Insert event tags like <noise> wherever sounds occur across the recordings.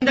<noise> 我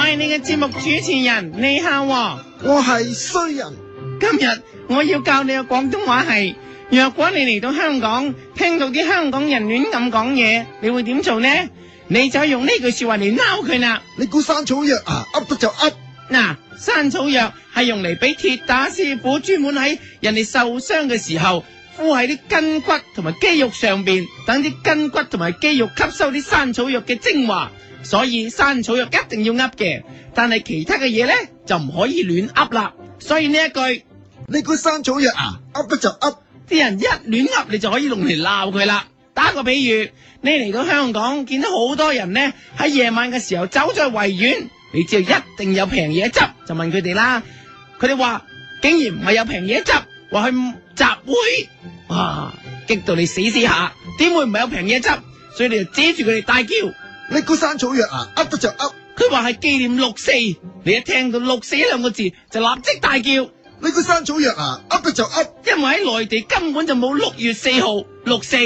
係你嘅節目主持人李孝，你哦、我係衰人。今日我要教你嘅廣東話係：若果你嚟到香港，聽到啲香港人亂咁講嘢，你會點做呢？你就用呢句說話嚟鬧佢啦。你估山草藥啊？噏得就噏。嗱、啊，山草藥係用嚟俾鐵打師傅專門喺人哋受傷嘅時候。敷喺啲筋骨同埋肌肉上邊，等啲筋骨同埋肌肉吸收啲山草藥嘅精華，所以山草藥一定要噏嘅。但係其他嘅嘢呢，就唔可以亂噏啦。所以呢一句，你個山草藥啊，噏就噏，啲人一亂噏，你就可以用嚟鬧佢啦。打個比喻，你嚟到香港，見到好多人呢，喺夜晚嘅時候走咗去維園，你知道一定有平嘢執，就問佢哋啦。佢哋話竟然唔係有平嘢執，話去。集會啊，激到你死死下，點會唔係有平嘢執？所以你就指住佢哋大叫。你個山草藥啊，噏得就噏。佢話係紀念六四，你一聽到六四兩個字就立即大叫。你個山草藥啊，噏得就噏。因為喺內地根本就冇六月四號，六四，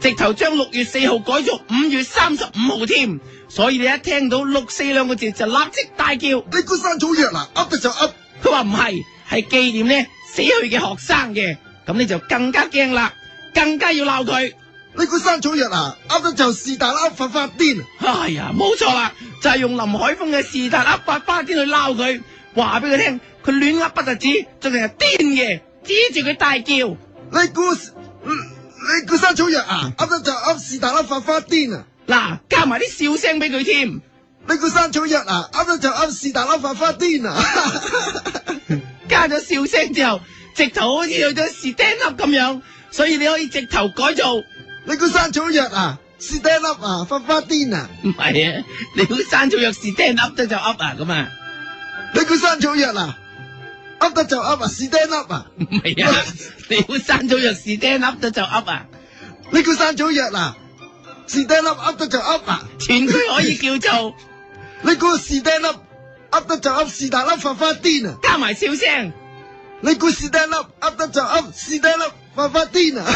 直頭將六月四號改做五月三十五號添。所以你一聽到六四兩個字就立即大叫。你個山草藥啊，噏得就噏。佢話唔係。係紀念咧死去嘅學生嘅，咁你就更加驚啦，更加要鬧佢。你估生草藥啊，呃得就士大佬發發癲。係呀，冇錯啦，就係用林海峰嘅士大佬發發癲去鬧佢，話俾佢聽佢亂呃不特止，仲係癲嘅，指住佢大叫。你估你估生草藥啊，呃得就呃士大佬發發癲啊！嗱、哎，加埋啲笑聲俾佢添。你估生草藥啊，呃得就呃，士大佬發發癲啊！ <laughs> 加咗笑聲之後，直頭好似有咗 Stand up 咁樣，所以你可以直頭改造。你估山草藥啊，Stand up 啊，發花癲啊？唔係啊，你估山草藥 Stand up，得就 Up 啊，咁啊。你估山草藥啊，Up 得就 Up 啊，Stand up 啊？唔係啊，你估山草藥 Stand up，得就 Up 啊。 <laughs> 你估山草藥啊，Stand up，Up 得就 Up 啊，全區可以叫做 <laughs> 你估 Stand up。噏得就噏，是但粒發發癲啊！加埋笑聲，你估是但粒噏得就噏，是但粒發發癲啊！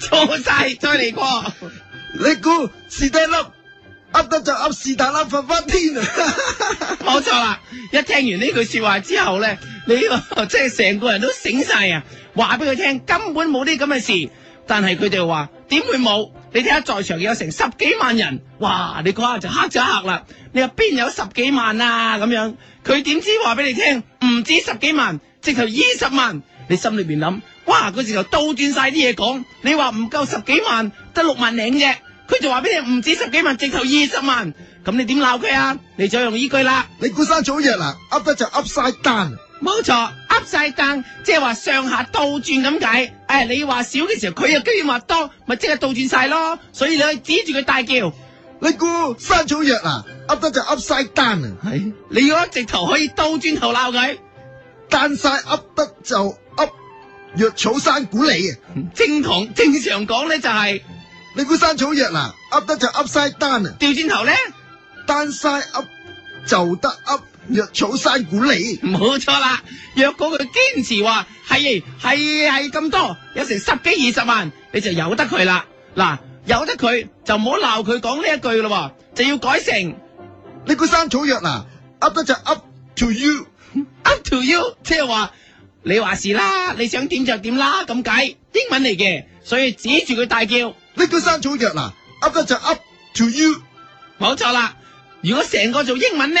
錯晒，再嚟過。你估是但粒噏得就噏，是但粒發發癲啊！冇錯啦，一聽完呢句說話之後咧，你即係成個人都醒晒啊！話俾佢聽，根本冇啲咁嘅事，但係佢哋話點會冇？你睇下在場有成十幾萬人，哇！你嗰下就黑咗一黑啦。你話邊有十幾萬啊？咁樣，佢點知話俾你聽唔止十幾萬，直頭二十萬。你心裏邊諗，哇！佢直頭倒轉晒啲嘢講，你話唔夠十幾萬，得六萬零啫。佢就話俾你唔止十幾萬，直頭二十萬。咁你點鬧佢啊？你再用呢句啦，你估生草藥啦，噏得就噏晒單。冇錯。噏晒單，即係話上下倒轉咁解。誒、哎，你話少嘅時候，佢又居然話多，咪即係倒轉晒咯。所以你可以指住佢大叫，你估山草藥啊？噏得就噏晒單啊？係嗎，你要一直頭可以倒轉頭鬧佢：「單晒噏得就噏藥草山古里，就是，你山啊？正堂正常講咧就係，你估山草藥啊？噏得就噏晒單啊？調轉頭咧，單晒噏就得噏。若草山古里，冇錯啦。若果佢堅持話係係係咁多，有成十幾二十萬，你就由得佢啦。嗱，由得佢就唔好鬧佢講呢一句咯。就要改成呢個山草藥嗱，up 得就 up to you，up to you，即係話你話事啦，你想點就點啦，咁解。英文嚟嘅，所以指住佢大叫：呢個山草藥嗱，up 得就 up to you。冇錯啦。如果成個做英文呢？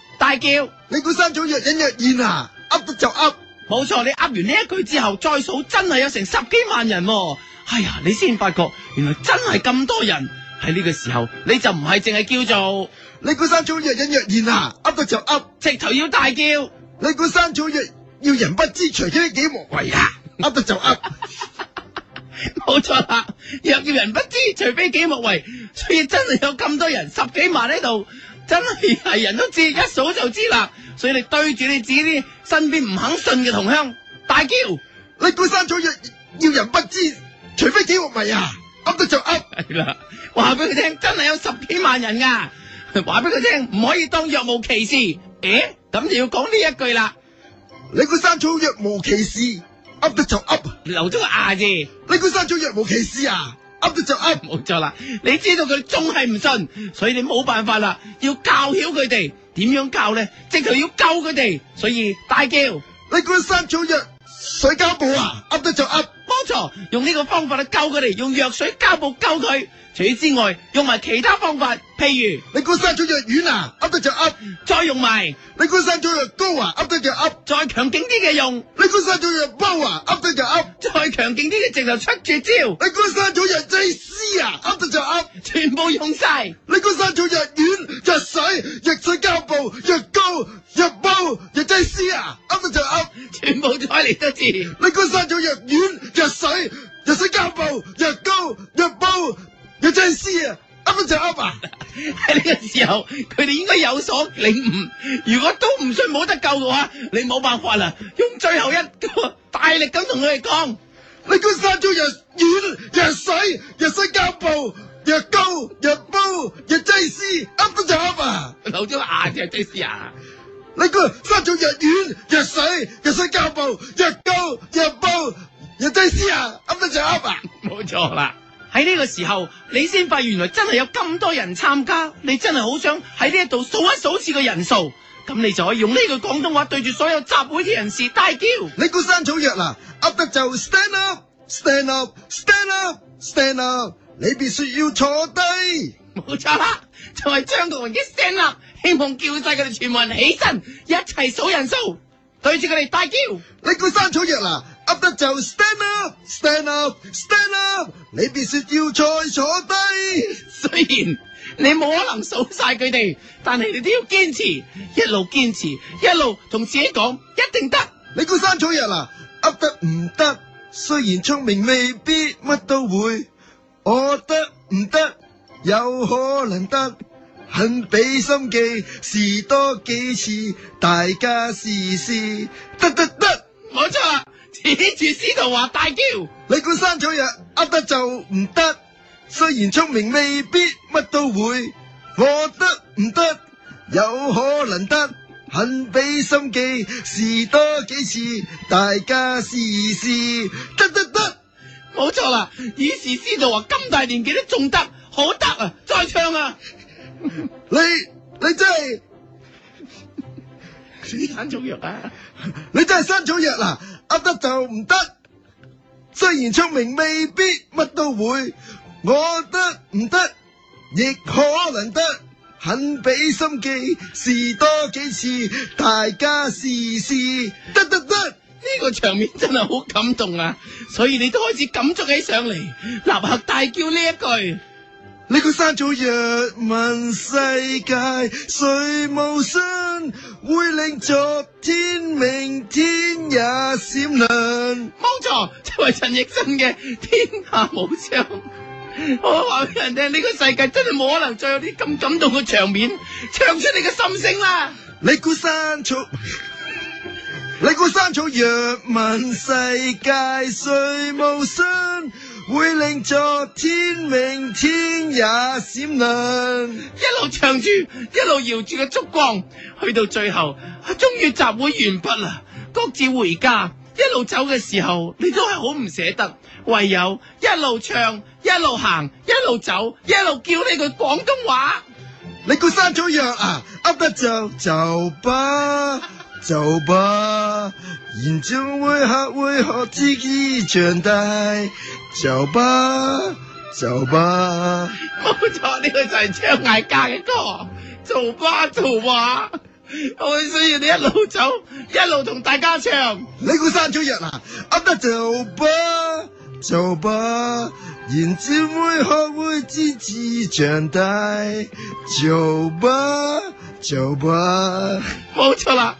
大叫！你估山草若隱若現啊，噏得就噏。冇錯。你呃完呢一句之後，再數真係有成十幾萬人，哦。哎呀，你先發覺原來真係咁多人。喺呢個時候，你就唔係淨係叫做你估山草若隱若現啊，噏得就噏。直頭要大叫！你估山草若要人不知，除非己莫為啊，噏得就噏。冇 <laughs> 錯啊！若要人不知，除非己莫為，所以真係有咁多人，十幾萬喺度。真係係人都知，一數就知啦。所以你對住你自己啲身邊唔肯信嘅同鄉大叫：你估山草藥，要人不知，除非己莫為呀！噏得就噏啦。話俾佢聽，真係有十幾萬人㗎、啊。話俾佢聽，唔可以當若無其事。誒、欸，咁就要講呢一句啦。你估山草若無其事，噏得就噏，留咗個牙、啊、字。你估山草若無其事啊！噏得就噏，冇 <laughs> 錯啦！你知道佢仲係唔信，所以你冇辦法啦，要教曉佢哋點樣教咧，直頭要救佢哋，所以大叫你嗰三咗藥水膠布啊，噏得就噏。幫手用呢個方法嚟救佢哋，用藥水膠布救佢。除此之外，用埋其他方法，譬如你嗰山草藥藥丸啊，噏得就噏，再用埋你嗰山草藥藥膏啊，噏得就噏，再強勁啲嘅用，你嗰山草藥藥包啊，噏得就噏，再強勁啲嘅直頭出絕招。你嗰山草藥藥劑師啊，噏得就噏，全部用晒。你嗰山草藥藥丸、藥水、藥水膠布、藥膏、藥包、藥劑師啊，噏得就噏，全部再嚟一次。你嗰山草藥藥丸。藥水、藥水膠布、藥膏、藥煲、嗯、藥劑師啊，啱唔就啱啊！喺呢個時候，佢哋應該有所領悟。如果都唔信冇得救嘅話，你冇辦法啦，用最後一個大力咁同佢哋講：你個山中藥丸、藥水、藥水膠布、藥膏、藥煲、藥劑師，啱就啱啊！老咗眼嘅劑師啊，你個山中藥丸、藥、 <laughs> 嗯、水、藥水膠布、藥膏、藥煲。有真師啊，噏得就噏啊！冇錯啦，喺呢個時候你先發現原來真係有咁多人參加，你真係好想喺呢一度數一數次個人數，咁你就可以用呢句廣東話對住所有集會嘅人士大叫，你個山草藥啦，噏得就 stand up，stand up，stand up，stand up，你別說要坐低，冇錯啦，就係張國榮嘅 stand up，希望叫晒佢哋全部人起身，一齊數人數，對住佢哋大叫，你個山草藥啦！噏得就 stand up，stand up，stand up，你別說要再坐低啊。雖然你冇可能數晒佢哋，但係你都要堅持，一路堅持，一路同自己講一定得。你個山草藥啦，噏得唔得？雖然聰明未必乜都會，我得唔得？有可能得。肯俾心機，試多幾次，大家試試，得得得，冇錯。指住司徒華大叫：你管生草藥，噏得就唔得。雖然聰明未必乜都會，我得唔得？有可能得，肯俾心機，試多幾次，大家試一試，得得得，冇錯啦。以前司徒華咁大年紀都仲得，好得啊！再唱啊！ <laughs> 你你真係生草藥啊！你真係生 <laughs> 草藥藥啦啊！ <laughs> 噏得就唔得，雖然聰明未必乜都會，我得唔得亦可能得，肯俾心機試多幾次，大家試試得得得，呢個場面真係好感動啊！所以你都開始感觸起上嚟，立刻大叫呢一句。你估山草若問世界誰無雙，會令昨天明天也閃亮。冇錯，即係陳奕迅嘅《天下無雙》。我話俾人聽，你個世界真係冇可能再有啲咁感動嘅場面，唱出你嘅心聲啦！你估山草，就是、 <laughs> 你，你，你估山草， <laughs> 估山草若問世界誰無雙？會令昨天明天也閃亮，一路唱住一路搖住嘅燭光，去到最後終於集會完畢啦，各自回家，一路走嘅時候，你都係好唔捨得，唯有一路唱一路行一路走，一路叫你句廣東話，你個山草藥啊，噏得就走吧。 <laughs> 走吧，人總會學會學自己長大。走吧，走吧。冇錯，呢個就係唱艾嘉嘅歌。做吧，做吧。我需要你一路走，一路同大家唱。你估山吹日啊？噏、啊、得走吧？走吧，然之後學會自己長大。走吧，走吧，冇錯啦！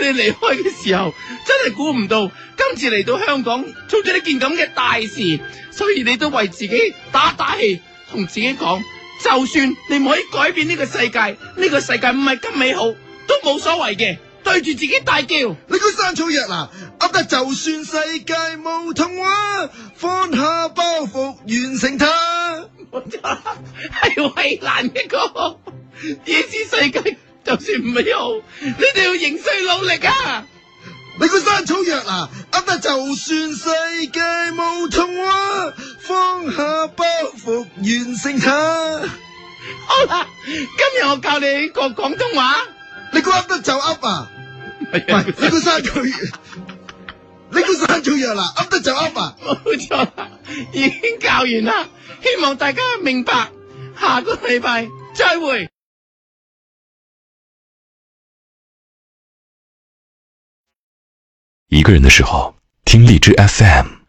你離開嘅時候，真係估唔到，今次嚟到香港，做咗一件咁嘅大事，所以你都為自己打打氣，同自己講，就算你唔可以改變呢個世界，呢個世界唔係咁美好，都冇所謂嘅。對住自己大叫，你個山草藥嗱、啊，噏得就算世界冇童話，放下包袱完成它。冇錯啦，係衛蘭嘅歌。意思世界就算唔美好，你哋要仍需努力啊！你個山草藥嗱、啊，噏得就算世界冇童話，放下包袱完成它。好啦，今日我教你個廣東話，你個噏得就噏啊！喂，唔係， <laughs> 你個三草藥， <laughs> 你個三草藥啦，噏得就噏吧，冇錯，已經教完啦，希望大家明白，下個禮拜再會。一個人嘅時候，聽荔枝 FM。